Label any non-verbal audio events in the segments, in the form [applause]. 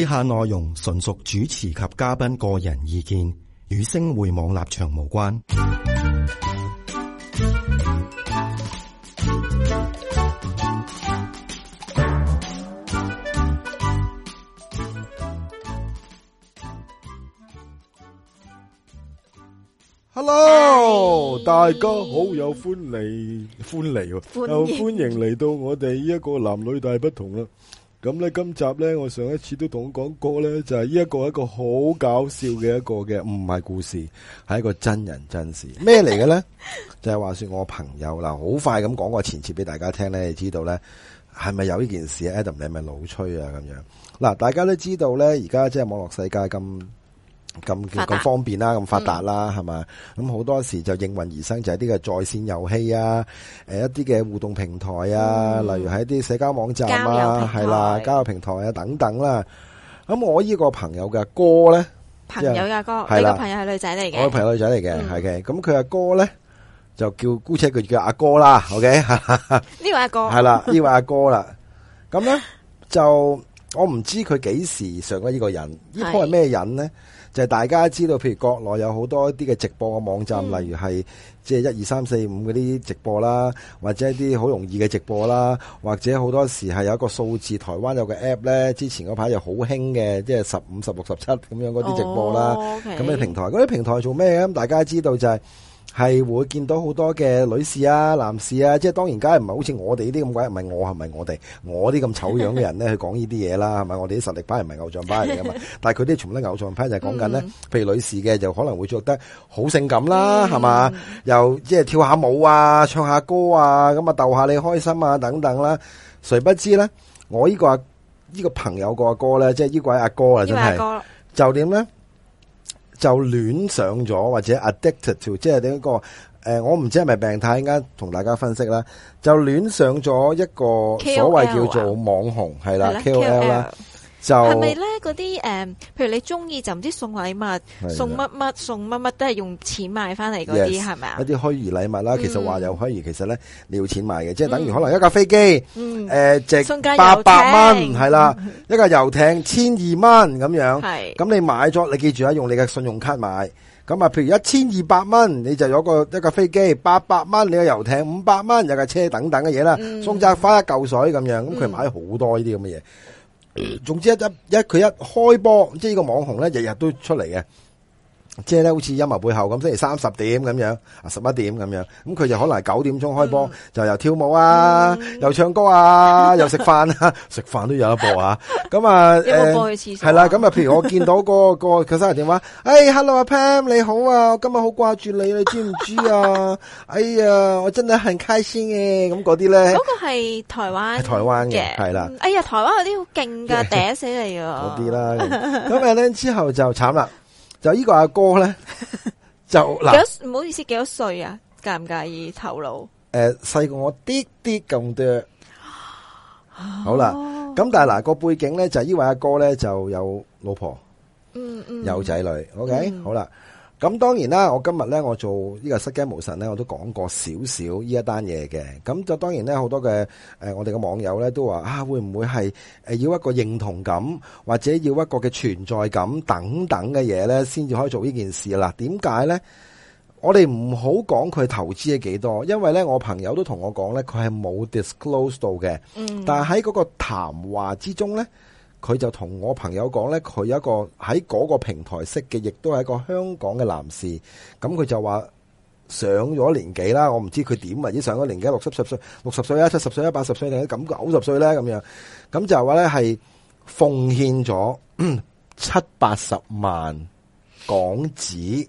以下內容純屬主持及嘉賓個人意見，與星匯網立場無關。Hello，Hey. 大家好，有歡嚟。歡嚟，歡迎，又歡迎嚟到我哋一個男女大不同啦。咁咧，今集咧，我上一次都同我講過咧，就係呢一個一個好搞笑嘅一個嘅唔係故事，係一個真人真事咩嚟嘅咧？呢 [laughs] 就係話說我朋友嗱，好快咁講個前設俾大家聽咧，你知道咧係咪有呢件事？Adam，你係咪老吹啊？咁樣嗱，大家都知道咧，而家即係網絡世界咁。咁咁方便啦，咁發達啦，係嘛？咁好多時就應運而生就係啲嘅在線遊戲啊，誒，一啲嘅互動平台啊，例如喺啲社交網站啊，係啦，交友平台啊等等啦。咁我呢個朋友嘅哥咧，朋友嘅哥，你個朋友係女仔嚟嘅，我嘅朋友女仔嚟嘅，係嘅。咁佢阿哥咧就叫姑且，佢叫阿哥啦。OK，呢位阿哥係啦，呢位阿哥啦。咁咧就我唔知佢幾時上咗呢個人，呢鋪係咩人咧？就係大家知道，譬如國內有好多啲嘅直播嘅網站，例如係即係一二三四五嗰啲直播啦，或者一啲好容易嘅直播啦，或者好多時係有一個數字，台灣有個 App 呢。之前嗰排又好興嘅，即係十五、十六、十七咁樣嗰啲直播啦。咁啲、oh, okay. 平台，嗰啲平台做咩嘅？咁大家知道就係、係。係會見到好多嘅女士啊、男士啊，即係當然梗係唔係好似我哋呢啲咁鬼唔係我係唔係我哋我啲咁醜樣嘅人咧去講呢啲嘢啦，係咪？我哋啲 [laughs] 實力派唔係偶像派嚟噶嘛？ [laughs] 但係佢啲全部都偶像派就講緊咧，嗯、譬如女士嘅就可能會着得好性感啦，係嘛、嗯？又即係跳下舞啊、唱下歌啊，咁啊逗下你開心啊等等啦、啊。誰不知咧，我呢個啊呢、呢個朋友個阿哥咧，即係呢個阿哥啊，真係就點咧？就戀上咗或者 addicted to，即係點講？誒，我唔知係咪病態，應該同大家分析啦。就戀上咗一個所謂叫做網紅，係啦，KOL 啦。係咪咧？嗰啲誒，譬如你中意就唔知送禮物，送乜乜送乜乜都係用錢買翻嚟嗰啲，係咪啊？一啲虛擬禮物啦，其實話有虛擬，其實咧你要錢買嘅，即係等於可能一架飛機誒值八百蚊，係啦，一架遊艇千二蚊咁樣，咁你買咗，你記住啊，用你嘅信用卡買。咁啊，譬如一千二百蚊，你就攞個一架飛機八百蚊，你個遊艇五百蚊，有架車等等嘅嘢啦，送扎花一嚿水咁樣，咁佢買咗好多呢啲咁嘅嘢。總之一一一，佢一，一，一開波，即係呢個網紅咧，日日都出嚟嘅。即係咧，好似音樂背後咁，星期三十點咁樣，啊十一點咁樣，咁佢就可能係九點鐘開波，就又跳舞啊，又唱歌啊，又食飯啊，食飯都有得播啊，咁啊，係啦，咁啊，譬如我見到個個佢生日電話，哎，hello 啊 Pam，你好啊，我今日好掛住你，你知唔知啊？哎呀，我真係很開心嘅，咁嗰啲咧，嗰個係台灣，台灣嘅，係啦，哎呀，台灣嗰啲好勁噶，嗲死你啊，嗰啲啦，咁啊咧之後就慘啦。就呢個阿哥咧，就嗱，唔好意思，幾多歲啊？介唔介意透露？誒，細過我啲啲咁多，好啦。咁但係嗱，個背景咧就係呢位阿哥咧就有老婆，嗯嗯，有仔女。OK，好啦。咁當然啦，我今日咧，我做呢個失驚無神咧，我都講過少少呢一單嘢嘅。咁就當然咧，好多嘅誒，我哋嘅網友咧都話啊，會唔會係誒要一個認同感，或者要一個嘅存在感等等嘅嘢咧，先至可以做呢件事啦？點解咧？我哋唔好講佢投資係幾多，因為咧，我朋友都同我講咧，佢係冇 disclose 到嘅。嗯。但係喺嗰個談話之中咧。佢就同我朋友講呢，佢有一個喺嗰個平台識嘅，亦都係一個香港嘅男士。咁佢就話上咗年紀啦，我唔知佢點呀，已經上咗年紀，六七十歲、六十歲啦、七十歲啦、八十歲定係感覺九十歲呢？咁樣。咁就話呢係奉獻咗七八十萬港紙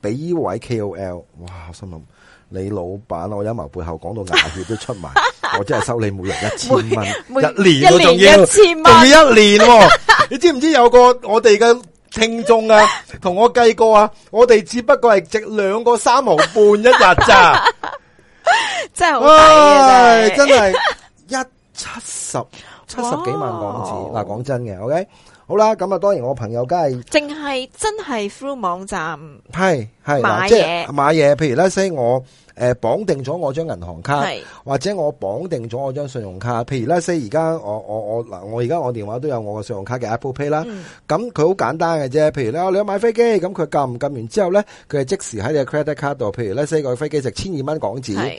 俾呢位 KOL。哇！心諗你老闆，我一埋背後講到牙血都出埋。 [laughs] 我真係收你每日一千蚊，一年咯，仲要一年，一年。你知唔知有個我哋嘅聽眾啊，同我計過啊，我哋只不過係值兩個三毫半一日咋，真係好得意。真係一七十七十幾萬港紙。嗱，講真嘅，OK，好啦，咁啊，當然我朋友梗係淨係真係 through 網站，係係買嘢買嘢，譬如咧，所以我。誒、綁、呃、定咗我張銀行卡，是或者我綁定咗我張信用卡。譬如咧 say 而家我我我嗱，我而家我，我電話都有我個信用卡嘅 Apple Pay 啦、嗯。咁佢好簡單嘅啫。譬如咧，我你要買飛機，咁佢撳唔撳完之後咧，佢係即時喺你嘅 credit card 度。譬如咧 say 個飛個飛機值千二蚊港紙。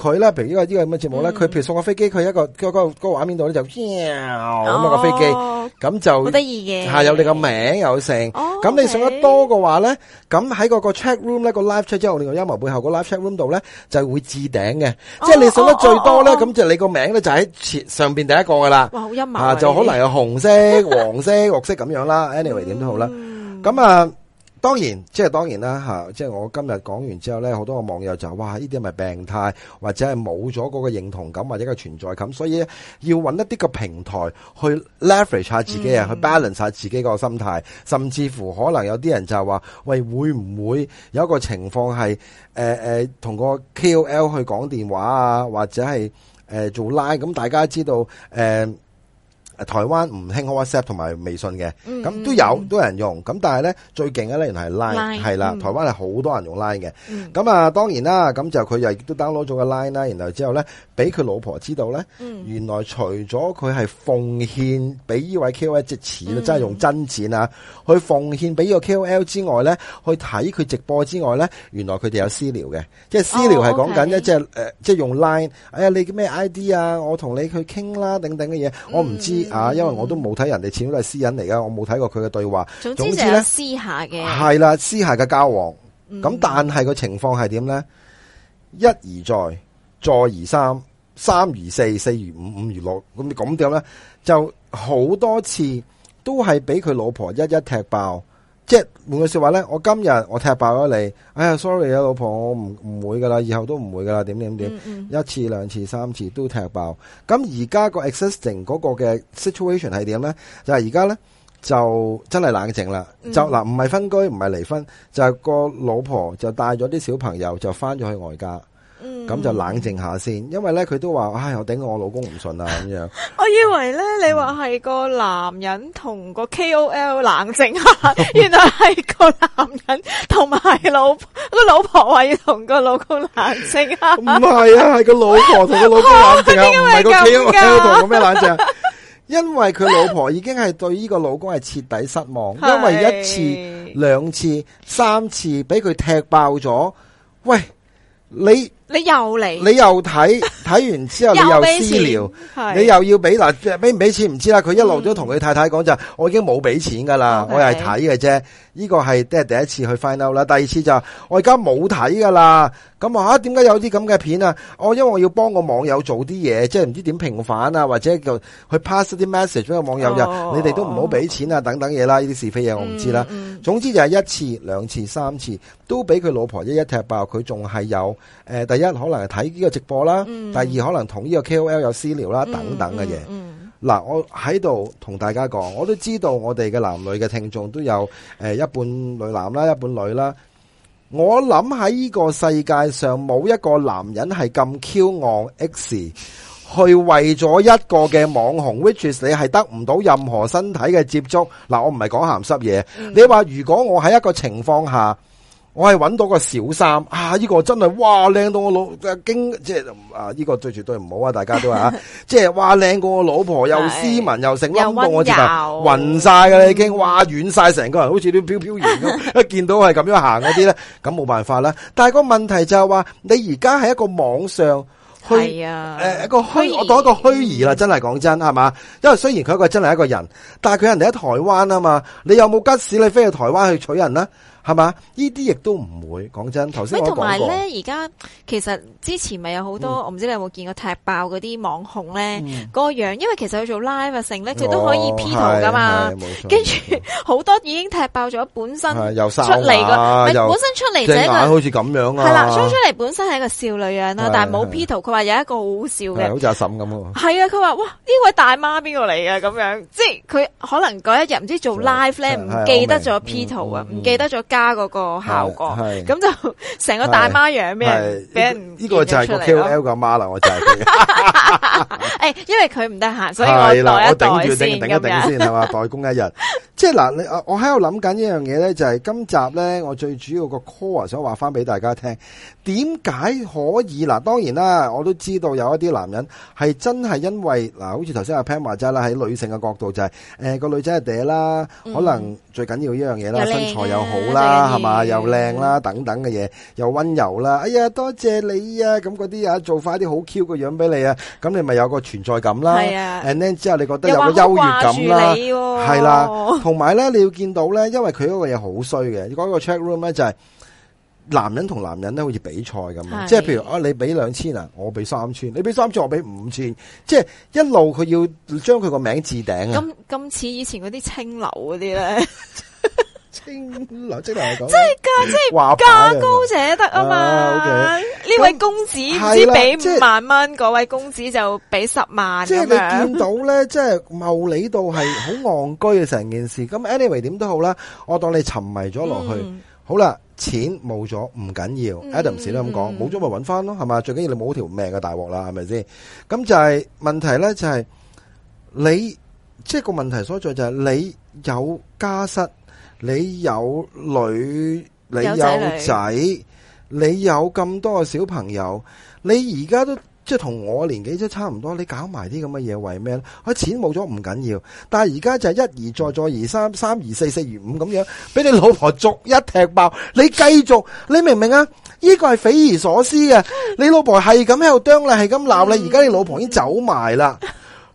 佢啦，譬如呢個呢個咁嘅節目咧，佢譬如送個飛機，佢一個嗰個嗰個畫面度咧就咁啊個飛機，咁就好得意嘅，係有你個名有成，咁你送得多嘅話咧，咁喺嗰個 check room 咧個 live check 之後，我哋個陰謀背後個 live check room 度咧就會置頂嘅，即係你送得最多咧，咁就你個名咧就喺上邊第一個噶啦，哇好陰謀啊，就可能有紅色、黃色、綠色咁樣啦，anyway 點都好啦，咁啊。當然，即係當然啦吓，即係我今日講完之後咧，好多個網友就話，呢啲係咪病態，或者係冇咗嗰個認同感或者個存在感。所以要揾一啲個平台去 leverage 下自己啊，嗯、去 balance 下自己個心態，甚至乎可能有啲人就話，喂，會唔會有一個情況係誒誒同個 KOL 去講電話啊，或者係、呃、做 live？咁大家知道誒。呃台灣唔興 WhatsApp 同埋微信嘅，咁、嗯、都有都有人用，咁但係咧最勁嘅咧原來係 Line 係啦，台灣係好多人用 Line 嘅，咁、嗯、啊當然啦，咁就佢又亦都 download 咗個 Line 啦，然後之後咧俾佢老婆知道咧，嗯、原來除咗佢係奉獻俾呢位 KOL 即錢，嗯、真係用真錢啊，嗯、去奉獻俾呢個 KOL 之外咧，去睇佢直播之外咧，原來佢哋有私聊嘅，即係私聊係講緊一即係、呃、即係用 Line，哎呀你叫咩 ID 啊，我同你去傾啦，等等嘅嘢，嗯、我唔知。啊！因為我都冇睇人哋，全部都係私隱嚟噶，我冇睇過佢嘅對話。總之係私下嘅，係啦，私下嘅交往。咁、嗯、但係個情況係點咧？一而再，再而三，三而四，四而五，五而六，咁你咁樣咧？就好多次都係俾佢老婆一一踢爆。即係換句說話咧，我今日我踢爆咗你，哎呀，sorry 啊，老婆，我唔唔會噶啦，以後都唔會噶啦，點點點，mm hmm. 一次、兩次、三次都踢爆。咁而家個 existing 嗰個嘅 situation 係點咧？就係而家咧就真係冷靜、mm hmm. 啦，就嗱唔係分居，唔係離婚，就係、係、個老婆就帶咗啲小朋友就翻咗去外家。咁就冷靜下先，嗯、因為咧佢都話唉、哎，我頂我老公唔順啊。咁樣，我以為咧你話係個男人同個 K.O.L 冷靜下，嗯、原來係個男人同埋老婆個老婆話要同個老公冷靜下，唔係啊，係個老婆同個老公冷靜下，唔係個 K.O.L 同個咩冷靜啊？因為佢老婆已經係對呢個老公係徹底失望，的因為一次、兩次、三次俾佢踢爆咗。喂，你？你又嚟？你又睇睇完之後，你又私聊， [laughs] 又你又要俾嗱俾唔俾錢唔知啦。佢一路都同佢太太講就、嗯、我已經冇俾錢㗎啦，的我係睇嘅啫。呢個係即係第一次去 find out 啦。第二次就我而家冇睇㗎啦。咁啊！點解有啲咁嘅片啊？我、哦、因為我要幫個網友做啲嘢，即係唔知點評反啊，或者叫去 pass 啲 message 俾個網友又，哦、你哋都唔好俾錢啊，等等嘢啦，呢啲是非嘢我唔知啦。嗯嗯、總之就係一次、兩次、三次都俾佢老婆一一踢爆，佢仲係有、呃、第一可能係睇呢個直播啦，嗯、第二可能同呢個 KOL 有私聊啦，等等嘅嘢。嗱、嗯嗯，我喺度同大家講，我都知道我哋嘅男女嘅聽眾都有一半女男啦，一半女啦。我諗喺呢個世界上冇一個男人係咁 Q 傲 x，去為咗一個嘅網紅 [laughs] ，which 你係得唔到任何身體嘅接觸。嗱，我唔係講鹹濕嘢。嗯、你話如果我喺一個情況下。我係揾到個小三啊！呢、這個真係哇靚到我老驚，即係啊呢、這個最絕對唔好啊！大家都話 [laughs] 即係哇靚過我老婆，又斯文又成，令 [laughs] 柔我直頭暈晒嘅已經，哇軟晒成個人好飄飄，好似都飄飄然咁。一見到係咁樣行嗰啲咧，咁冇辦法啦。但係個問題就係話，你而家係一個網上虛，誒、 [laughs] 啊呃、一個虛，虛義我當一個虛擬啦。真係講真係嘛？因為雖然佢一個真係一個人，但係佢人哋喺台灣啊嘛。你有冇吉士你飛台灣去台灣去娶人啦？係嘛？呢啲亦都唔會講真。頭先。同埋咧，而家其實之前咪有好多，我唔知你有冇見過踢爆嗰啲網紅咧嗰樣，因為其實佢做 live 成咧，佢都可以 P 圖噶嘛。跟住好多已經踢爆咗本身出嚟個，本身出嚟就係好似咁樣啦。係啦，出出嚟本身係一個少女樣啦，但係冇 P 圖。佢話有一個好笑嘅，好似阿嬸咁喎。係啊，佢話哇呢位大媽邊個嚟嘅，咁樣，即係佢可能嗰一日唔知做 live 咧，唔記得咗 P 圖啊，唔記得咗嗰個效果，係咁就成個大媽樣。咩？俾人呢、呢個呢個就係 K O L 個媽啦， [laughs] 我就係。佢誒、 [laughs] [laughs] 哎，因為佢唔得閒，所以我頂住頂一頂先係嘛天，代工一日。 [laughs] 即係嗱，你我喺度諗緊一樣嘢咧，就係今集咧，我最主要個 call 啊，想話翻俾大家聽，點解可以？嗱，當然啦，我都知道有一啲男人係真係因為嗱，好似頭先阿 Pan 話齋啦，喺女性嘅角度就係，誒個女仔係嗲啦，可能最緊要呢樣嘢啦，身材又好啦，係嘛，又靚啦，等等嘅嘢，又溫柔啦，哎呀，多謝你啊，咁嗰啲啊，做翻啲好 Q 嘅樣俾你啊，咁你咪有個存在感啦，誒，之後你覺得有個優越感啦，係啦。同埋咧，你要見到咧，因為佢嗰個嘢好衰嘅，嗰、嗰個 check room 咧就係男人同男人咧，好似比賽咁，是的 即係譬如啊，你俾兩千啊，我俾三千，你俾三千，我俾五千，即係一路佢要將佢個名置頂啊！咁咁似以前嗰啲青樓嗰啲咧。即係價，即係價高者得啊嘛！呢位公子唔知俾五萬蚊，嗰位公子就俾十萬。即係你見到咧，即係茂利到係好戇居嘅成件事。咁 anyway 點都好啦，我當你沉迷咗落去，好啦，錢冇咗唔緊要。Adam 先都咁講，冇咗咪搵翻咯，係嘛？最緊要你冇條命嘅大鑊啦，係咪先？咁就係問題咧，就係你即係個問題所在就係你有家室。你有女，你有仔，你有咁多個小朋友，你而家都即係同我年紀都差唔多，你搞埋啲咁嘅嘢為咩咧？佢錢冇咗唔緊要，但係而家就係一而再，再而三，三而四，四而五咁樣，俾你老婆逐一踢爆，你繼續，你明唔明啊？呢個係匪夷所思嘅，你老婆係咁喺度啄你，係咁鬧你，而家你老婆已經走埋啦。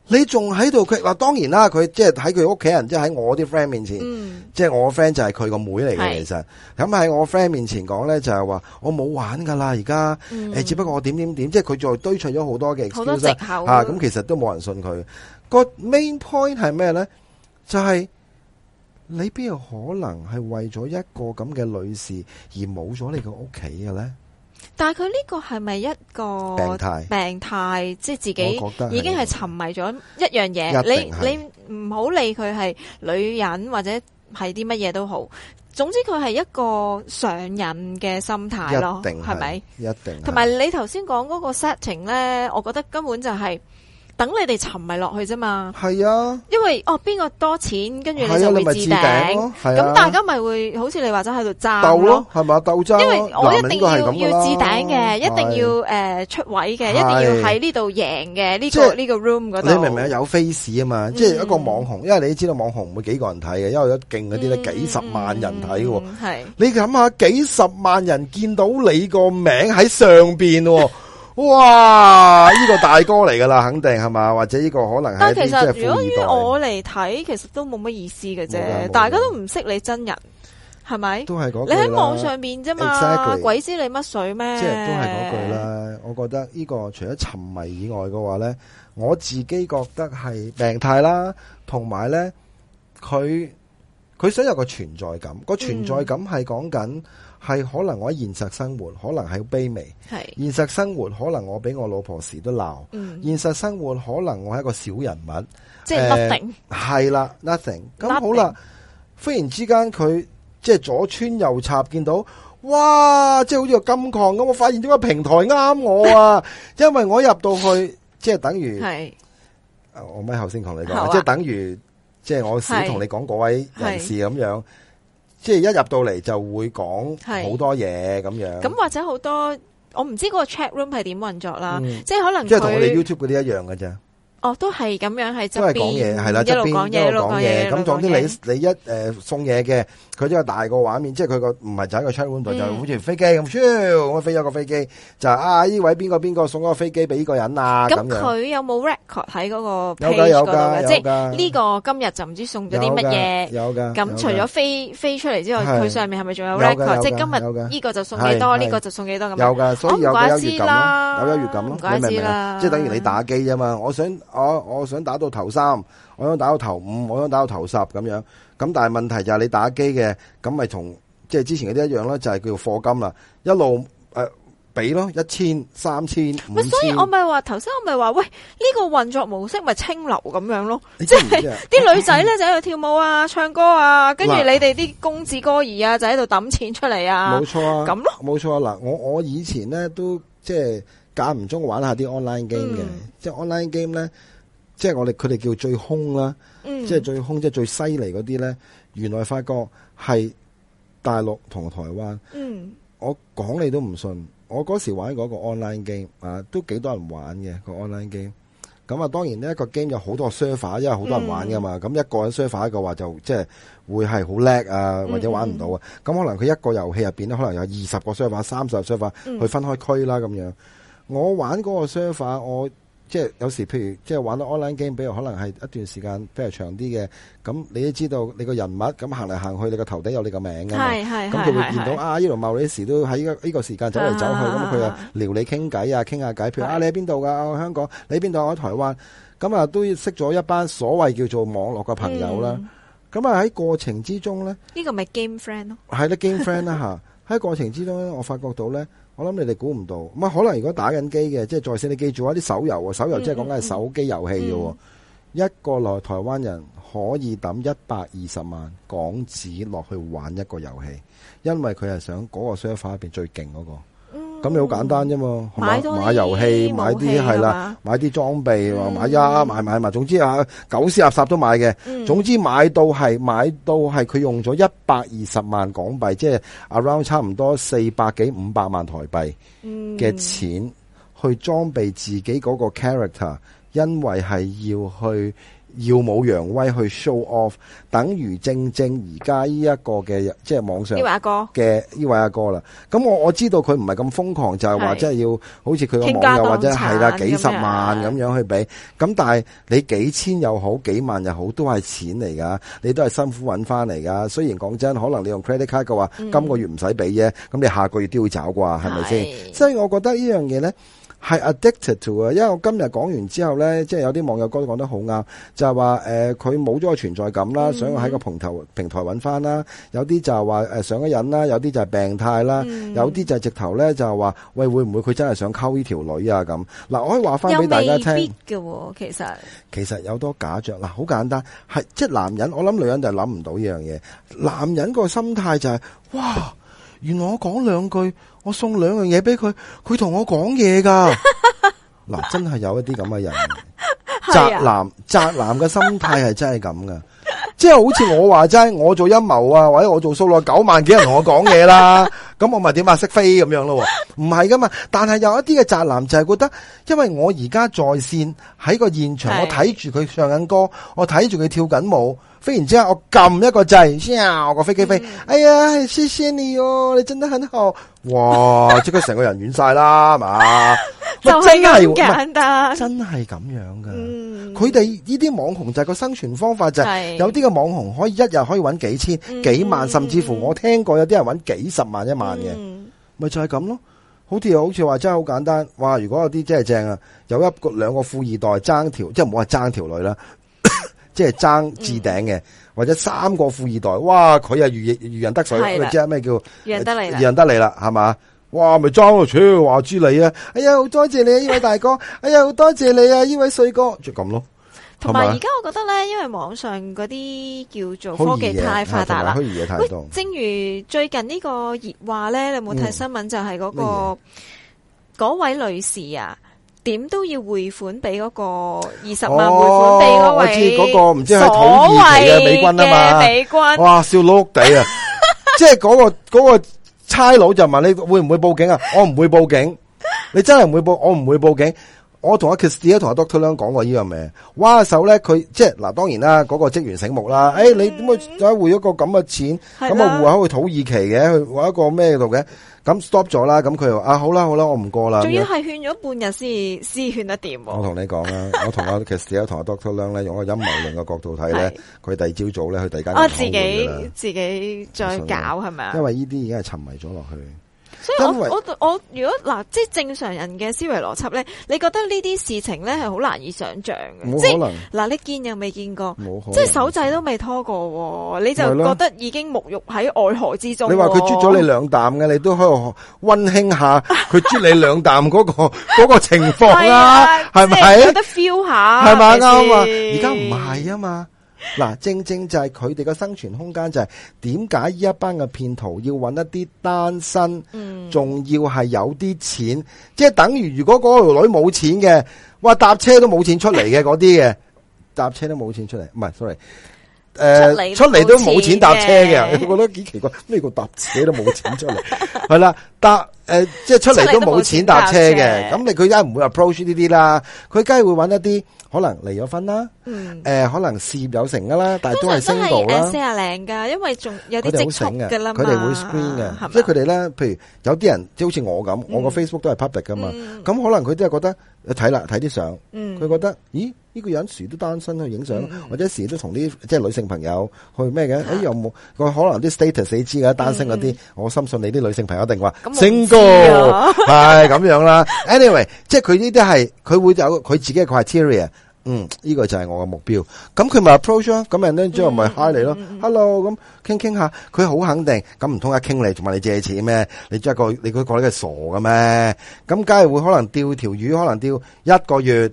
你仲喺度佢嗱，當然啦，佢即係喺佢屋企人，即係喺我啲 friend 面前，嗯、即係我 friend 就係佢個妹嚟嘅。是其實咁喺我 friend 面前講咧，就係、是、話我冇玩噶啦，而家誒，嗯、只不過我點點點，即係佢再堆砌咗好多嘅 excuse、好多借口啊。咁其實都冇人信佢。個 main point 係咩咧？就係、是、你邊有可能係為咗一個咁嘅女士而冇咗你個屋企嘅咧？但係佢呢個係咪一個病態？病態即係自己已經係沉迷咗一樣嘢。你你唔好理佢係女人或者係啲乜嘢都好，總之佢係一個上癮嘅心態咯，係咪？一定，同埋吧你頭先講嗰個 setting 咧，我覺得根本就係、是。等你哋沉迷落去啫嘛，係啊，因為哦邊個多錢，跟住，你就會置頂，咁大家咪會好似你話咗喺度鬥，係咪鬥爭，因為我一定要要置頂嘅，一定要誒出位嘅，一定要喺呢度贏嘅呢個呢個 room 嗰度。你明唔明啊？有 face 啊嘛，即係一個網紅，因為你知道網紅唔會幾個人睇嘅，因為一勁嗰啲咧幾十萬人睇喎。係你諗下幾十萬人見到你個名喺上邊。哇！呢個大哥嚟噶啦，肯定係嘛？或者呢個可能係，但其實如果於我嚟睇，其實都冇乜意思嘅啫。大家都唔識你真人，係咪？都係嗰句。你喺網上面啫嘛，鬼 Exactly 知你乜水咩？即係都係嗰句啦。我覺得呢個除咗沉迷以外嘅話呢，我自己覺得係病態啦，同埋呢，佢佢想有個存在感，個存在感係講緊。嗯係可能我喺現實生活，可能係好卑微。係現實生活，可能我俾我老婆時都鬧。現實生活，可能我係一個小人物。即係 nothing。係啦，nothing。咁好啦，忽然之間佢即係左穿右插，見到哇，即係好似個金礦咁。我發現呢個平台啱我啊，因為我入到去，即係等於係。我咪後先同你講，即係等於即係我同你講嗰位人士咁樣。即係一入到嚟就會講好多嘢咁樣，咁或者好多我唔知嗰個 chat room 係點運作啦，嗯、即係可能即係同我哋 YouTube 嗰啲一樣嘅啫。哦，都係咁樣喺側邊一路講嘢，一路講嘢。咁總之你你一誒送嘢嘅，佢都有大個畫面，即係佢個唔係就喺個出門口，就好似飛機咁 shoot 我飛咗個飛機就啊，呢位邊個邊個送咗個飛機俾呢個人啊？咁佢有冇 record 喺嗰個有嘅有嘅，即係呢個今日就唔知送咗啲乜嘢有嘅。咁除咗飛飛出嚟之外，佢上面係咪仲有 record？即係今日呢個就送幾多，呢個就送幾多咁。有嘅，所以有個優越感，有優越感咯。你明唔明啊？即係等於你打機啫嘛，我想。我、啊、我想打到頭三，我想打到頭五，我想打到頭十咁樣。咁但係問題就係你打機嘅，咁咪同，即係之前嗰啲一樣咯，就係叫課金啦，一路誒俾咯，一千、三千、五千。咪所以我咪話頭先，我咪話喂呢、這個運作模式咪清流咁樣咯，即係啲女仔咧就喺度跳舞啊、唱歌啊，跟住你哋啲公子哥、啊、兒啊就喺度抌錢出嚟啊，冇錯啊，咁咯，冇錯啦。嗱、我我以前咧都即、就、係、是。間唔中玩下啲 online game 嘅，嗯，即係 online game 咧，即係我哋佢哋叫最兇啦，即係最兇，即係最犀利嗰啲咧。原來發覺係大陸同台灣，嗯、我講你都唔信。我嗰時玩嗰個 online game 啊，都幾多人玩嘅個 online game，咁啊，當然咧，一個 game 有好多 server，因為好多人玩噶嘛。咁、嗯、一個人 server 嘅話就，就即係會係好叻啊，或者玩唔到啊。咁、嗯嗯、可能佢一個遊戲入邊咧，可能有二十個 server，三十個 server、嗯、去分開區啦咁樣。我玩嗰個 server，我即係有時，譬如即係玩到 online game，比如可能係一段時間比較長啲嘅。咁你都知道你個人物咁行嚟行去，你個頭頂有你個名嘅嘛？係係。咁佢會見到啊，呢度茂你時都喺呢個時間時間走嚟走去，咁佢又撩你傾偈啊，傾下偈。譬如是啊，你喺邊度噶？我香港，你喺邊度？我喺台灣。咁啊，都識咗一班所謂叫做網絡嘅朋友啦。咁啊，嗯，喺過程之中咧，呢個咪 game friend 咯。係啦 game friend 啦吓。喺過程之中咧，我發覺到咧。我諗你哋估唔到，咁可能如果打緊機嘅，即係在線，你記住一啲手遊，手遊即係講緊係手機遊戲嘅，嗯嗯嗯嗯嗯，一個來台灣人可以抌一百二十萬港紙落去玩一個遊戲，因為佢係想嗰個 server 入邊最勁嗰、嗰個。咁你好簡單啫嘛，係咪、嗯？買遊戲，吧買啲係啦，買啲裝備，嗯、買啊，買買買，買，總之啊，狗屎垃圾都買嘅。嗯、總之買到係買到係佢用咗一百二十萬港幣，即、就、係、是、around 差唔多四百幾五百萬台幣嘅錢、嗯、去裝備自己嗰個 character，因為係要去。耀武揚威去 show off，等於正正而家呢一個嘅即係網上呢位阿哥嘅呢位阿哥啦。咁我我知道佢唔係咁瘋狂，就係話即係要是好似佢個網友或者係啦，幾十萬咁樣，樣去俾。咁但係你幾千又好，幾萬又好，都係錢嚟噶，你都係辛苦揾翻嚟噶。雖然講真，可能你用 credit card 嘅話，今、嗯、個月唔使俾啫，咁你下個月都要找啩，係咪先？所以我覺得樣呢樣嘢咧。係 addicted to 啊，因為我今日講完之後咧，即係有啲網友哥都講得好啱，就係話誒佢冇咗個存在感啦，想喺個平台平台揾翻啦。有啲就係話誒上咗癮啦，有啲就係病態啦，嗯、有啲就係直頭咧就係話喂，會唔會佢真係想溝呢條女啊咁？嗱，我可以話翻俾大家聽，又未必嘅、哦，其實其實有多假象嗱，好簡單係即係男人，我諗女人就係諗唔到呢樣嘢，男人個心態就係、是、哇。原來我講兩句，我送兩樣嘢俾佢，佢同我講嘢噶，嗱 [laughs] 真係有一啲咁嘅人，宅 [laughs] 男宅 [laughs] 男嘅心態係真係咁噶，即係好似我話齋，我做陰謀啊，或者我做數落九萬幾人同我講嘢啦，咁 [laughs] 我咪點啊識飛咁樣咯，唔係噶嘛，但係有一啲嘅宅男就係覺得，因為我而家在，在線喺個現場， [laughs] 我睇住佢唱緊歌，我睇住佢跳緊舞。飛完之後我撳一個掣，先啊我個飛機飛，哎呀，謝謝你哦，你真的很好，哇，即刻成個人軟晒啦，係 [laughs] 嘛？真係唔簡單真，真係咁樣噶。佢哋呢啲網紅就係個生存方法就係、是，有啲嘅網紅可以一日可以搵幾千、嗯、幾萬，甚至乎我聽過有啲人搵幾十萬、一萬嘅，咪、嗯、就係咁咯。好似好似話真係好簡單，哇！如果有啲真係正啊，有一個兩個富二代爭條，即係唔好話爭條女啦。即係爭置頂嘅，嗯、或者三個富二代，哇！佢又、啊、如人得水，你知咩叫如人得利啦？係嘛？哇！咪裝到吹話朱你啊！哎呀，好多謝你啊呢位大哥！哎呀，好多謝你啊呢、 [laughs] 哎啊、位帥哥！就咁咯。同埋而家，我覺得咧，因為網上嗰啲叫做科技太發達啦。啊、虛擬嘢太多。正如最近個呢個熱話咧，你有冇睇新聞、那個？就係嗰個嗰位女士啊。點都要匯款俾嗰個二十萬，匯款俾嗰、唔知嗰個、唔知係、土耳其嘅美軍啊嘛，所謂嘅美軍哇，笑碌地啊！ [laughs] 即係嗰、那個、那個差佬就問你會唔會報警啊？我唔會報警， [laughs] 你真係唔會報，我唔會報警。我同阿 Kristy 同阿 Doctor 咧講過這手呢樣嘢，哇手咧佢即係嗱，當然啦，嗰、那個職員醒目啦，誒、嗯哎、你點解匯一個咁嘅錢咁啊戶口去土耳其嘅，去匯一個咩度嘅？咁 stop 咗啦，咁佢又話好啦好啦，我唔過啦。仲要係勸咗半日先先勸得掂，啊。 [laughs] 我同你講啦，我同阿 Kristy 同阿 Doctor 梁咧，用個陰謀論嘅角度睇咧，佢 [laughs] 第二朝早咧，去第二間屋。我自己我自己再搞係咪啊？因為呢啲已經係沉迷咗落去。所以我是我我如果嗱，即係正常人嘅思維邏輯咧，你覺得呢啲事情咧係好難以想象嘅沒可能即係嗱，你見又未見過，即係手仔都未拖過，你就覺得已經沐浴喺愛河之中了，你話佢啜咗你兩啖嘅，你都喺度温馨下佢啜你兩啖嗰個嗰 [laughs] 個情況啦，係咪？即係得 feel 下，係咪啱啊？而家唔係啊嘛。嗱，正正就係佢哋個生存空間就係點解呢一班嘅騙徒要揾一啲單身，嗯，仲要係有啲錢，嗯、即係等於如果嗰條女冇錢嘅，哇，搭車都冇錢出嚟嘅嗰啲嘅，搭車都冇錢出嚟，唔係，sorry，誒、呃，出嚟都冇錢搭車嘅，我覺得幾奇怪，咩叫搭車都冇錢出嚟？係 [laughs] 啦，搭。誒，即係出嚟都冇錢搭車嘅，咁你佢梗係唔會 approach 呢啲啦，佢梗係會揾一啲可能離咗婚啦，誒，可能事業有成噶啦，但係都係升部啦。通常真係四十零噶，因為仲有啲積蓄嘅啦，佢哋會 screen 嘅，即係佢哋咧，譬如有啲人即係好似我咁，我個 Facebook 都係 public 噶嘛，咁可能佢都係覺得睇啦，睇啲相，佢覺得咦，呢個人時都單身去影相，或者時都同啲即係女性朋友去咩嘅？哎，有冇佢可能啲 status 未知嘅單身嗰啲，我深信你啲女性朋友一定話證據。哦，係咁樣啦。Anyway，即係佢呢啲係佢會有佢自己嘅 criteria 嗯、這個 ach，嗯。嗯，呢個就係我嘅目標。咁佢咪 approach 囉，咁人哋之後咪 hi 你咯，hello 咁傾傾下。佢好肯定，咁唔通一傾你，同埋你借錢咩？你即係個，你覺得佢傻嘅咩？咁梗係會可能釣條魚，可能釣一個月。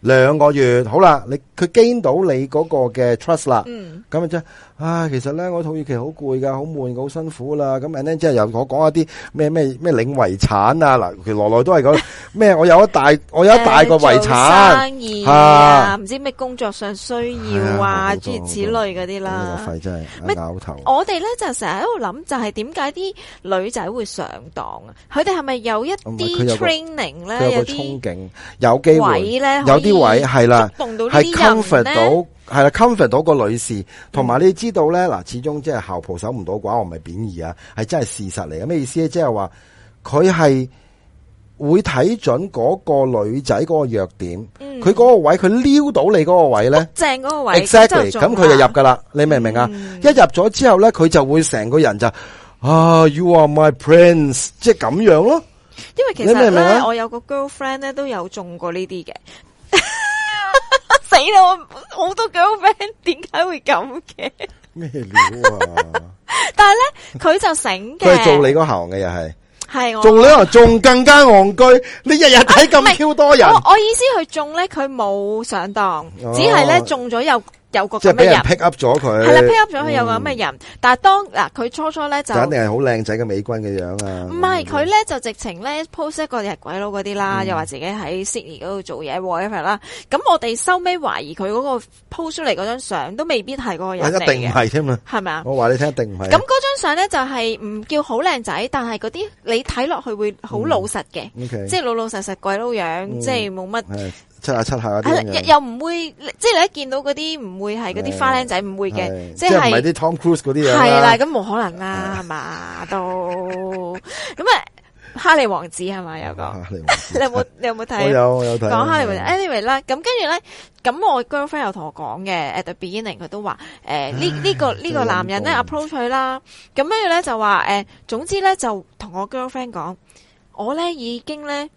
兩個月好啦，你佢 gain 到你嗰個嘅 trust 啦，咁啊即係啊，其實咧我土耳其好攰噶，好悶噶，好辛苦啦，咁啊咧即係又我講一啲咩咩咩領遺產啊嗱，其實來來都係講咩，我有一大我有一大個遺產生意啊，唔知咩工作上需要啊，諸如此類嗰啲啦，費真係拗頭，我哋咧就成日喺度諗，就係點解啲女仔會上當啊？佢哋係咪有一啲 training 咧？有個憧憬，有機會咧，有啲。啲位，係啦，係 comfort 到係啦，comfort 到個女士，同埋、嗯、你知道咧嗱，始終即係姣婆守唔到寡，我唔係貶義啊，係真係事實嚟嘅。咩意思呢？即係話佢係會睇準嗰個女仔嗰個弱點，佢嗰、嗯、個位，佢撩到你嗰個位咧，正嗰個位，exactly，咁佢就，就入噶啦。你明唔明啊？嗯、一入咗之後咧，佢就會成個人就啊，you are my prince，即係咁樣咯。因為其實咧，你明唔明啊？我有個 girlfriend 咧都有中過呢啲嘅。死啦！我好多幾好 friend，點解會咁嘅？咩料啊？但係咧，佢就醒嘅。佢係做你嗰行嘅又係，係我做你行仲更加戇居。你日日睇咁 Q 多人，我我意思佢中咧，佢冇上當，只係咧中咗又。有個咁嘅人，俾人 pick up 咗佢。係啦，pick up 咗佢有個咁嘅人，但當嗱佢初初咧就肯定係好靚仔嘅美軍嘅樣啊。唔係佢咧就直情咧 post 一個係鬼佬嗰啲啦，又話自己喺 Sydney 嗰度做嘢 whatever 啦。咁我哋收尾懷疑佢嗰個 post 出嚟嗰張相都未必係嗰個人，一定唔係添嘛，係咪啊？我話你聽，一定唔係。咁嗰張相咧就係唔叫好靚仔，但係嗰啲你睇落去會好老實嘅，即老老實實鬼佬樣，即係冇乜。七下七下，又唔會，即係你一見到嗰啲唔會係嗰啲花靚仔，唔會嘅，即係唔係啲 Tom Cruise 啲係啦，咁冇可能啦，係嘛都咁啊！哈利王子係咪？有個？你有冇你有冇睇？有我有睇。講哈利王子，Anyway 啦，咁跟住咧，咁我 girlfriend 又同我講嘅，at the beginning 佢都話誒，呢呢個呢個男人咧 approach 佢啦，咁跟住咧就話誒，總之咧就同我 girlfriend 講，我咧已經咧。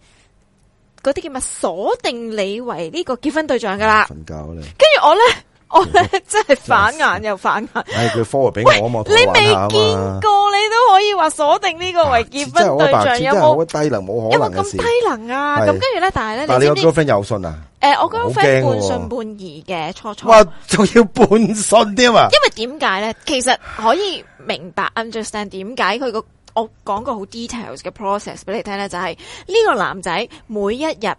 嗰啲叫乜？鎖定你為呢個結婚對象㗎喇！瞓覺咧，跟住我咧，我咧真係反眼又反眼。唉，佢 follow 俾我，我冇同佢玩啦。你未見過，你都可以話鎖定呢個為結婚對象，有冇低能？冇可能嘅事。咁低能啊！咁跟住咧，但係咧，你知唔知？誒，我嗰 friend 半信半疑嘅，錯錯。哇，仲要半信添啊！因為點解咧？其實可以明白，Understand 點解佢個。我講個好 details 嘅 process 俾你聽咧，就係、是、呢個男仔每一日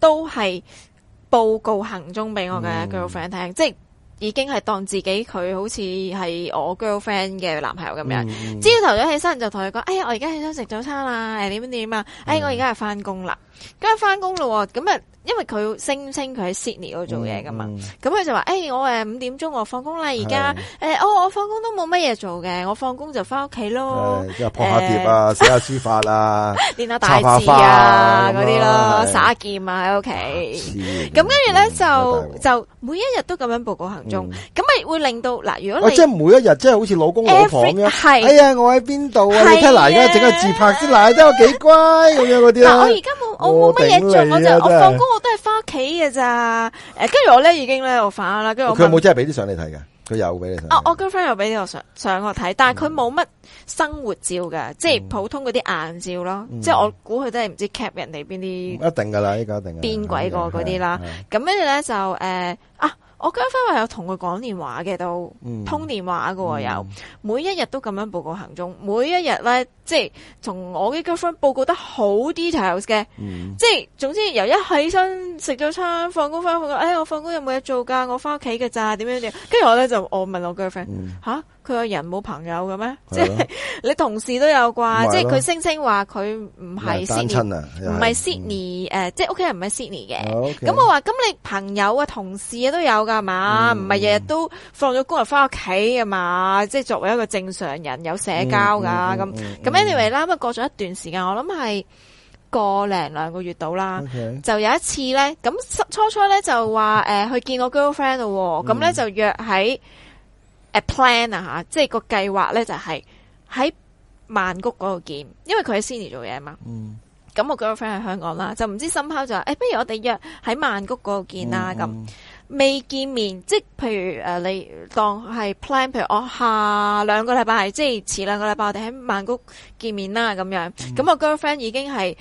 都係報告行蹤俾我嘅 girlfriend 聽，嗯、即係已經係當自己佢好似係我 girlfriend 嘅男朋友咁樣。朝頭、嗯、早起身就同佢講：哎呀，我而家起身食早餐啦，點點點啊！哎，我而家係翻工啦，今日翻工咯，咁啊、嗯哎。因為佢聲稱佢喺 Sydney 度做嘢噶嘛，咁佢就話：誒，我誒五點鐘我放工啦，而家誒，我我放工都冇乜嘢做嘅，我放工就翻屋企咯，即係鋪下碟啊，寫下書法啊，練下大字啊，嗰啲咯，耍下劍啊喺屋企。咁跟住咧就就每一日都咁樣報告行蹤，咁咪會令到嗱，如果你即係每一日即係好似老公老婆咁樣，係，哎呀，我喺邊度啊？你睇嗱，而家整個自拍，嗱，真係幾乖咁樣啲嗱，我而家冇我冇乜嘢做，我就我放工都係翻屋企嘅咋？誒，跟住我咧已經咧、啊，我翻啦。跟住佢有冇真係俾啲相你睇㗎？佢有俾你睇。啊，我個 friend 又俾啲我相相我睇，但係佢冇乜生活照㗎，即係普通嗰啲硬照咯。即係我估佢都係唔知 cap 人哋邊啲，一定噶啦，呢個一定。邊鬼過嗰啲啦？咁跟住咧就誒啊，我個 friend 有同佢講電話嘅，都通電話喎。嗯、有每一日都咁樣報告行蹤，每一日咧。即係同我嘅 girlfriend 報告得好 details，嘅，即係總之由一起身食早餐放工翻，放工，哎，我放工有冇嘢做㗎？我翻屋企㗎咋？點樣點？跟住我咧就我問我 girlfriend，嚇佢個人冇朋友嘅咩？即係你同事都有啩？即係佢聲稱話佢唔係 Sydney，唔係 Sydney 誒，即係屋企人唔係 Sydney 嘅。咁我話：咁你朋友啊、同事啊都有㗎嘛？唔係日日都放咗工就翻屋企㗎嘛？即係作為一個正常人有社交㗎，咁咁。Anyway 啦，咁啊過咗一段時間，我諗係個零兩個月到啦，Okay. 就有一次咧，咁初初咧就話誒、呃、去見我 girlfriend 咯，咁咧、mm. 就約喺誒 plan 啊吓，即係個計劃咧就係、是、喺曼谷嗰度見，因為佢喺 s e n i y 做嘢啊嘛，咁、mm. 我 girlfriend 喺香港啦，就唔知深拋就話誒、欸，不如我哋約喺曼谷嗰度見啦咁。Mm hmm. 未見面，即譬如誒，你當係 plan，譬如我下兩個禮拜，即係遲兩個禮拜，我哋喺曼谷見面啦，咁樣。咁、嗯、我 girlfriend 已經係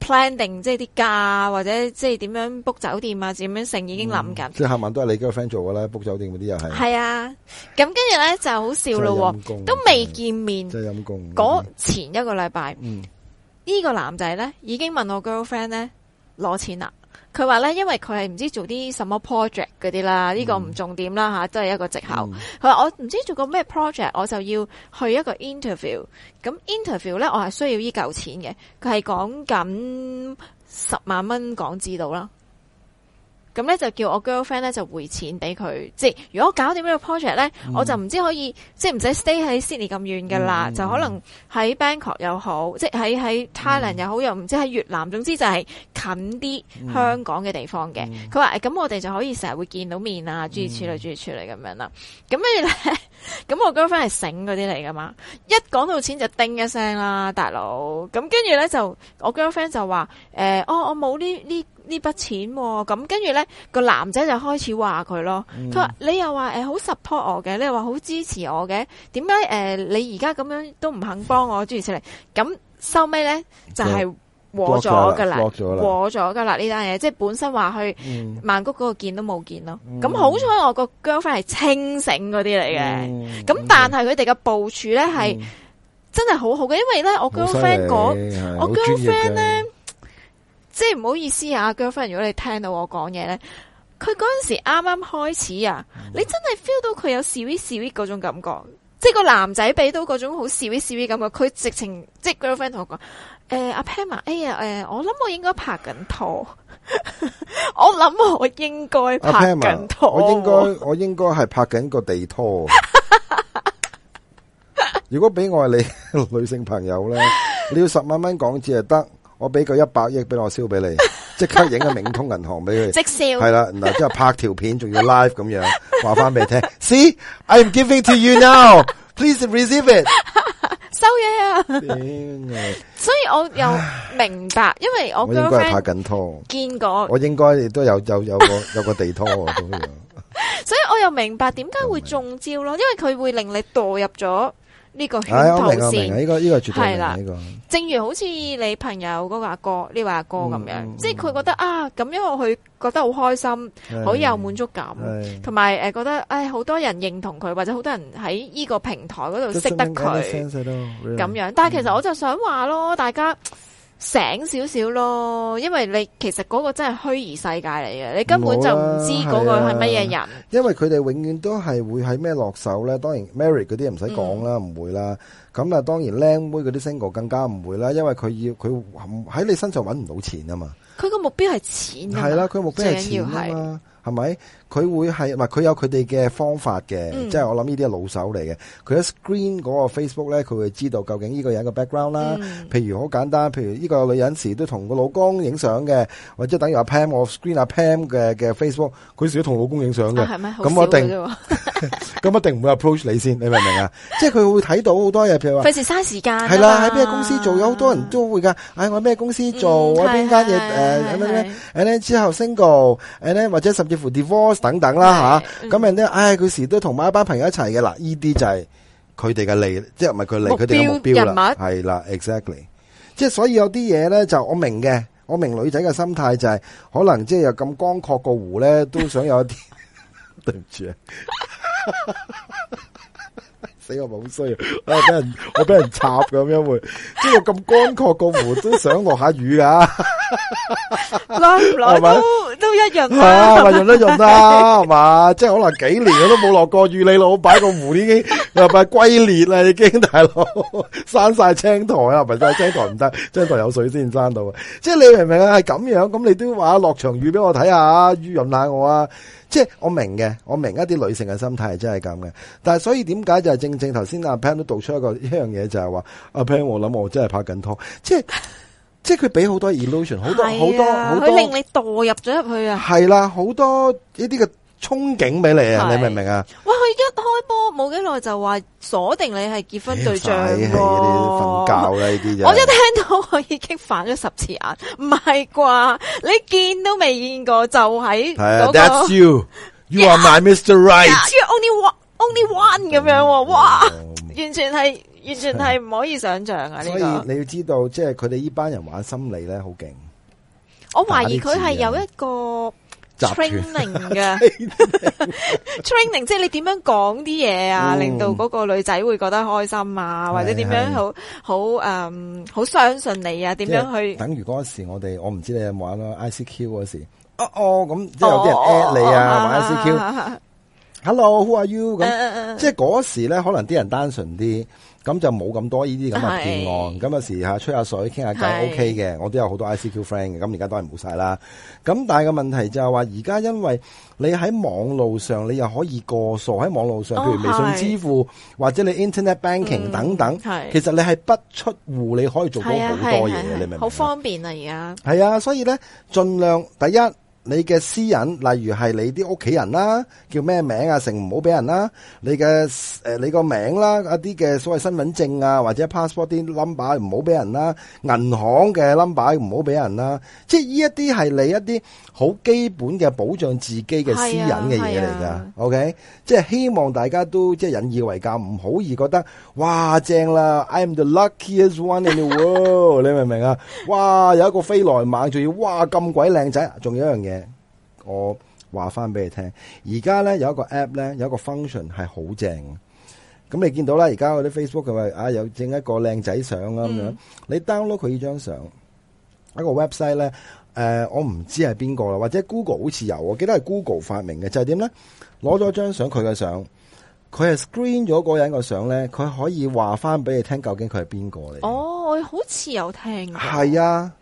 plan 定，即係啲假或者即係點樣 book 酒店，嗯、酒店啊，點樣成已經諗緊。即係下晚都係你 girlfriend 做噶啦，book 酒店嗰啲又係。係啊，咁跟住咧就好笑咯，都未見面，真係陰功，嗰前一個禮拜，呢、嗯、個男仔咧已經問我 girlfriend 咧攞錢啦。佢話咧，因為佢係唔知做啲什麼 project 嗰啲啦，呢、嗯、個唔重點啦吓，都係一個借口。佢話、嗯、我唔知做個咩 project，我就要去一個 interview。咁 interview 咧，我係需要依嚿錢嘅。佢係講緊十萬蚊港紙度啦。咁咧就叫我 girlfriend 咧就回錢俾佢，即係如果搞掂呢個 project 咧，我就唔知可以、嗯、即係唔使 stay 喺 Sydney 咁遠㗎啦，嗯、就可能喺 Bangkok 又好，即係喺喺 Thailand 又好，嗯、又唔知喺越南，總之就係近啲香港嘅地方嘅。佢話咁我哋就可以成日會見到面啊，諸如此類諸如此類咁樣啦。咁跟住咧。嗯 [laughs] 咁我 girlfriend 係醒嗰啲嚟噶嘛，一講到錢就叮一聲啦，大佬。咁跟住咧就我 girlfriend 就話，誒，我、呃哦、我冇、啊、呢呢呢筆錢，咁跟住咧個男仔就開始話佢咯。佢話你又話誒好 support 我嘅，你又話好、呃、支持我嘅，點解誒你而家咁樣都唔肯幫我諸如此類？咁收尾咧就係、是。過咗噶啦，過咗噶啦，呢單嘢，即係本身話去曼谷嗰度見都冇見咯。咁好彩我個 girlfriend 係清醒嗰啲嚟嘅，咁但係佢哋嘅部署咧係真係好好嘅，因為咧我 girlfriend 講，我 girlfriend 咧即係唔好意思啊，girlfriend 如果你聽到我講嘢咧，佢嗰陣時啱啱開始啊，你真係 feel 到佢有 sweet sweet 嗰種感覺，即係個男仔俾到嗰種好 sweet sweet 感覺，佢直情即係 girlfriend 同我講。誒，阿 Pan 嘛？哎呀，誒，我諗我應該拍緊拖，我諗我應該拍緊拖。我應該，我應該係拍緊個地拖。如果俾我你女性朋友咧，你要十萬蚊港紙就得，我俾個一百億俾我燒俾你，即刻影個明通銀行俾佢，即燒係啦。然後之後拍條片，仲要 live 咁樣，話翻俾你聽。See，I'm giving to you now. Please receive it. 收嘢啊！所以我又明白，因為我應該係拍緊拖，見過我應該亦都有有有個有個地拖，所以我又明白點解會中招咯，因為佢會令你墮入咗。呢個圈台呢呢絕對嘅。呢的、這個、正如好似你朋友嗰個阿哥，哥，呢位阿哥咁樣，嗯嗯、即係佢覺得啊，咁因為佢覺得好開心，好、嗯、有滿足感，同埋、嗯呃、覺得誒好多人認同佢，或者好多人喺呢個平台嗰度識得佢，咁樣。但係其實我就想話咯，嗯、大家。醒少少咯，因為你其實嗰個真係虛擬世界嚟嘅，你根本就唔知嗰個係乜嘢人，啊。因為佢哋永遠都係會喺咩落手咧，當然 Mary 嗰啲唔使講啦，唔、嗯、會啦。咁啊，當然靚妹嗰啲 single 更加唔會啦，因為佢要佢喺你身上搵唔到錢啊嘛。佢個目標係錢。係啦，啊，佢目標係錢啊係咪？佢會係唔佢有佢哋嘅方法嘅，即係我諗呢啲係老手嚟嘅。佢一 screen 嗰個 Facebook 咧，佢會知道究竟呢個人嘅 background 啦。譬如好簡單，譬如呢個女人時都同個老公影相嘅，或者等於阿 Pam 我 screen 阿 Pam 嘅嘅 Facebook，佢時都同老公影相嘅。係咩？咁我定咁一定唔會 approach 你先，你明唔明啊？即係佢會睇到好多嘢，譬如話費事嘥時間。係啦，喺邊個公司做有好多人都會㗎。唉，我咩公司做？我邊間嘢誒？And 呢呢之後 single 呢？或者甚至。divorce 等等啦吓，咁人咧，唉，佢時都同埋一班朋友一齊嘅。嗱，呢啲就係佢哋嘅利，即係唔係佢利，佢哋嘅目標啦，係啦，exactly。即係所以有啲嘢咧，就我明嘅，我明女仔嘅心態就係可能即係又咁光闊個湖咧，都想有一啲，對唔住啊。死我冇衰啊！我俾人我俾人插咁樣會，即係咁乾涸個湖都想落下雨噶，落唔落都 [laughs] 都一樣啊，咪用得用得，係嘛？ [laughs] 即係可能幾年我都冇落過雨，你老我擺個湖已經又咪龜裂啦？你驚大佬？生晒青苔啊？唔係晒青苔唔得，青苔有水先生到。即係你明唔明啊？係咁樣，咁你都話落場雨俾我睇下，雨淋下我啊？即係我明嘅，我明一啲女性嘅心態係真係咁嘅，但係所以點解就係正正頭先阿 Pan 都道出一個一樣嘢，就係話阿 Pan 我諗我真係拍緊拖，即係 [laughs] 即係佢俾好多 illusion，好多好多好多，佢令、啊、多你墮入咗入去啊，係啦、啊，好多呢啲嘅。憧憬俾你啊！是你明唔明啊？喂佢一開波冇幾耐就話鎖定你係結婚對象、啊，瞓、哎、覺啦呢啲。是我一聽到我已經反咗十次眼，唔係啩？你見都未見過就喺係 That's you, you are my yeah, Mr. Right, yeah, only one, only one 咁樣、啊。哇！完全係完全係唔可以想象啊！的所以你要知道，即係佢哋呢班人玩心理咧，好勁。我懷疑佢係有一個。training 嘅 training，即係你點樣講啲嘢啊，令到嗰個女仔會覺得開心啊，或者點樣好好誒，好相信你啊，點樣去？等於嗰時我哋，我唔知你有冇玩咯，ICQ 嗰時，哦哦，咁即係有啲人 add 你啊，玩 ICQ，Hello，Who are you？咁即係嗰時咧，可能啲人單純啲。咁就冇咁多呢啲咁嘅騙案，咁有是時下吹下水傾下偈 O K 嘅，我都有好多 I C Q friend 嘅，咁而家當然冇晒啦。咁但係個問題就係話，而家因為你喺網路上，你又可以過數喺網路上，譬如微信支付是或者你 Internet、嗯、Banking 等等，是其實你係不出戶你可以做到好多嘢，你明唔明？好方便啊！而家係啊，所以呢，盡量第一。你嘅私隱例如係你啲屋企人啦，叫咩名啊，成唔好俾人啦。你嘅、誒、呃、你個名啦，一啲嘅所謂身份證啊，或者 passport 啲 number 唔好俾人啦，銀行嘅 number 唔好俾人啦。即係呢一啲係你一啲好基本嘅保障自己嘅私隱嘅嘢嚟㗎。啊啊、OK，即係希望大家都即係引以為鑒，唔好而覺得哇正啦，I am the luckiest one in the world。 [laughs] 你明唔明啊？哇，有一個飛來蜢仲要哇咁鬼靚仔，仲有一樣嘢。我話翻俾你聽，而家咧有一個 app 咧有一個 function 係好正嘅。咁你見到啦，而家嗰啲 Facebook 佢話啊有整一個靚仔相啊，咁樣，嗯，你 download 佢呢張相，一個 website 咧，誒、呃、我唔知係邊個啦，或者 Google 好似有，我記得係 Google 發明嘅就係點咧，攞咗張相佢嘅相，佢係 screen 咗個人個相咧，佢可以話翻俾你聽究竟佢係邊個嚟。哦，我好似有聽。係啊。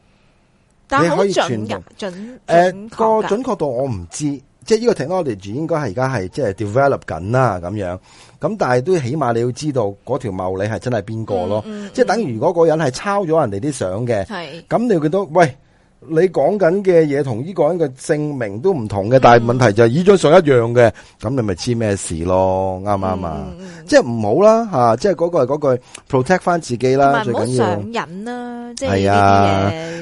你可以全準準確，誒個準確度我唔知。即係呢個 technology 應該係而家係即係 develop 緊啦咁樣。咁但係都起碼你要知道嗰條茂利係真係邊個咯，即係等如果嗰個人係抄咗人哋啲相嘅，係咁你會見到喂。你講緊嘅嘢同呢個人嘅姓名都唔同嘅，但係問題就係呢張相一樣嘅，咁你咪知咩事咯？啱唔啱啊？即係唔好啦吓，即係嗰個係嗰句 protect 返自己啦，最緊要唔好上癮啦，即係呢啲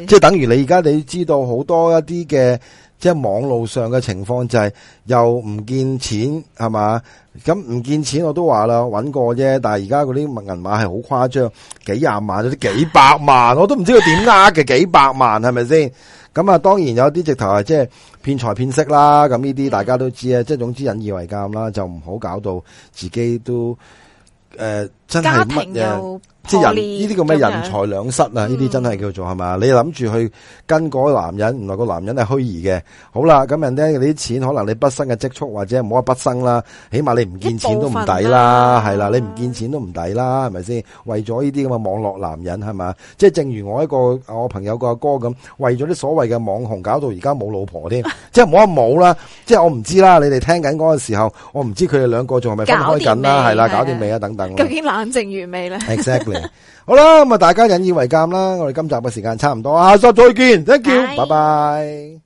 嘢，即係等於你而家你知道好多一啲嘅。即係網絡上嘅情況就係又唔見錢係嘛，咁唔見錢我都話啦，搵過啫。但係而家嗰啲銀碼係好誇張，幾廿萬，嗰啲幾百萬，我都唔知佢點呃嘅幾百萬係咪先？咁啊，當然有啲直頭係即係騙財騙色啦。咁呢啲大家都知啊，即係總之引以為鑒啦，就唔好搞到自己都誒。呃真係乜嘢？即係、就是、人呢啲叫咩？人財兩失啊！呢啲、嗯、真係叫做係嘛？你諗住去跟個男人，原來個男人係虛擬嘅。好啦，咁人哋嗰啲錢，可能你畢生嘅積蓄或者唔好話畢生啦，起碼你唔見錢都唔抵啦，係、啊、啦，你唔見錢都唔抵啦，係咪先？為咗呢啲咁嘅網絡男人，係嘛？即係正如我一個我朋友個阿哥咁，為咗啲所謂嘅網紅，搞到而家冇老婆添， [laughs] 即係唔好話冇啦，即係我唔知啦。你哋聽緊嗰個時候，我唔知佢哋兩個仲係咪分開緊啦，係啦，搞掂未啊？等等，品嘗完美啦，Exactly， [laughs] 好啦，咁啊，大家引以為鑑啦。我哋今集嘅時間差唔多，下集再見，thank you，拜拜。